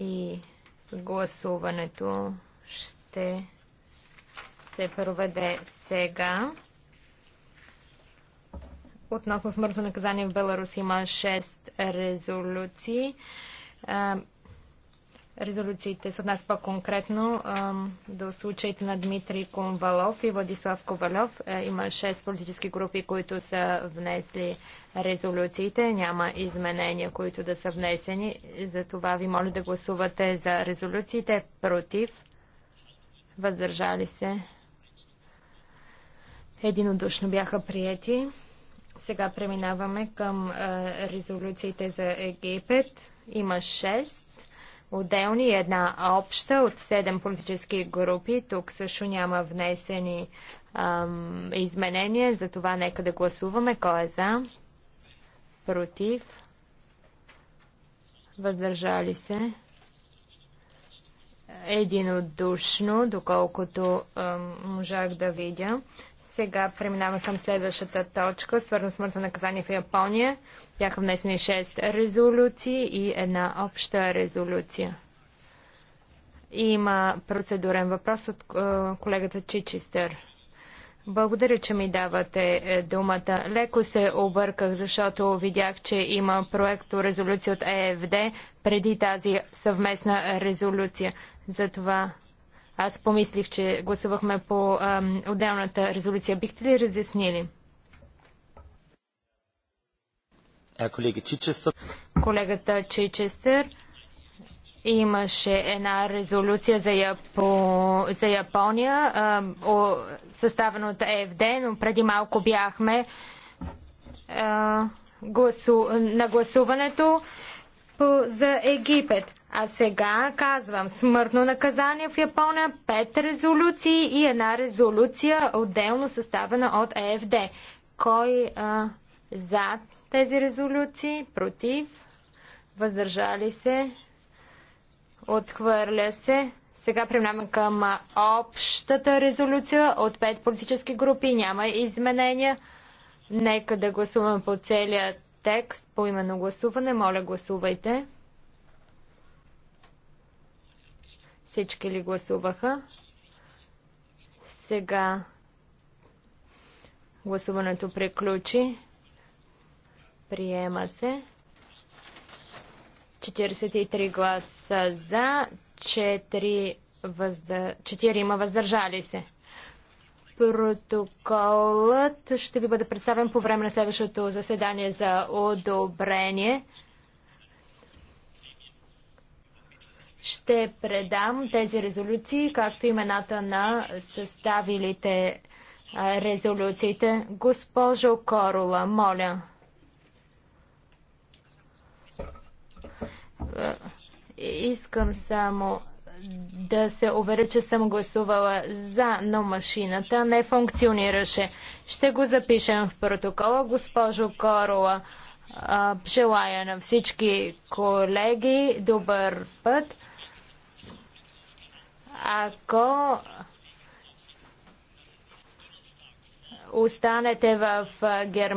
и гласуването ще се проведе сега. Относно смъртно наказание в Беларус има 6 резолюции. Резолюциите с нас по-конкретно до случаите на Дмитрий Кумвалов и Владислав Ковалов. Е, има 6 политически групи, които са внесли резолюциите. Няма изменения, които да са внесени. Затова ви моля да гласувате за резолюциите против. Въздържали се. Единодушно бяха приети. Сега преминаваме към е, резолюциите за Египет. Има 6 отделни една обща от седем политически групи. Тук също няма внесени ам, изменения, затова нека да гласуваме. Кой е за? Против? Въздържали се? Единодушно, доколкото ам, можах да видя. Сега преминаваме към следващата точка, свързана с смъртно наказание в Япония. Бяха внесени 6 резолюции и една обща резолюция. Има процедурен въпрос от е, колегата Чичистър. Благодаря, че ми давате е, думата. Леко се обърках, защото видях, че има проекто резолюция от ЕФД преди тази съвместна резолюция. Затова аз помислих, че гласувахме по ам, отделната резолюция. Бихте ли разяснили? А, колега Чичестър. Колегата Чичестър имаше една резолюция за, Япо... за Япония, ам, о, съставена от ЕФД, но преди малко бяхме а, гласу... на гласуването за Египет. А сега казвам смъртно наказание в Япония, пет резолюции и една резолюция отделно съставена от ЕФД. Кой а, за тези резолюции? Против? Въздържали се? Отхвърля се? Сега преминаваме към общата резолюция от пет политически групи. Няма изменения. Нека да гласуваме по целият текст по именно гласуване. Моля, гласувайте. Всички ли гласуваха? Сега гласуването приключи. Приема се. 43 гласа за, 4, 4 има въздържали се. Протоколът ще ви бъде представен по време на следващото заседание за одобрение. Ще предам тези резолюции, както имената на съставилите резолюциите. Госпожо Корола, моля. Искам само да се уверя, че съм гласувала за, но машината не функционираше. Ще го запишем в протокола. Госпожо Корола, желая на всички колеги добър път. Ако останете в Германия,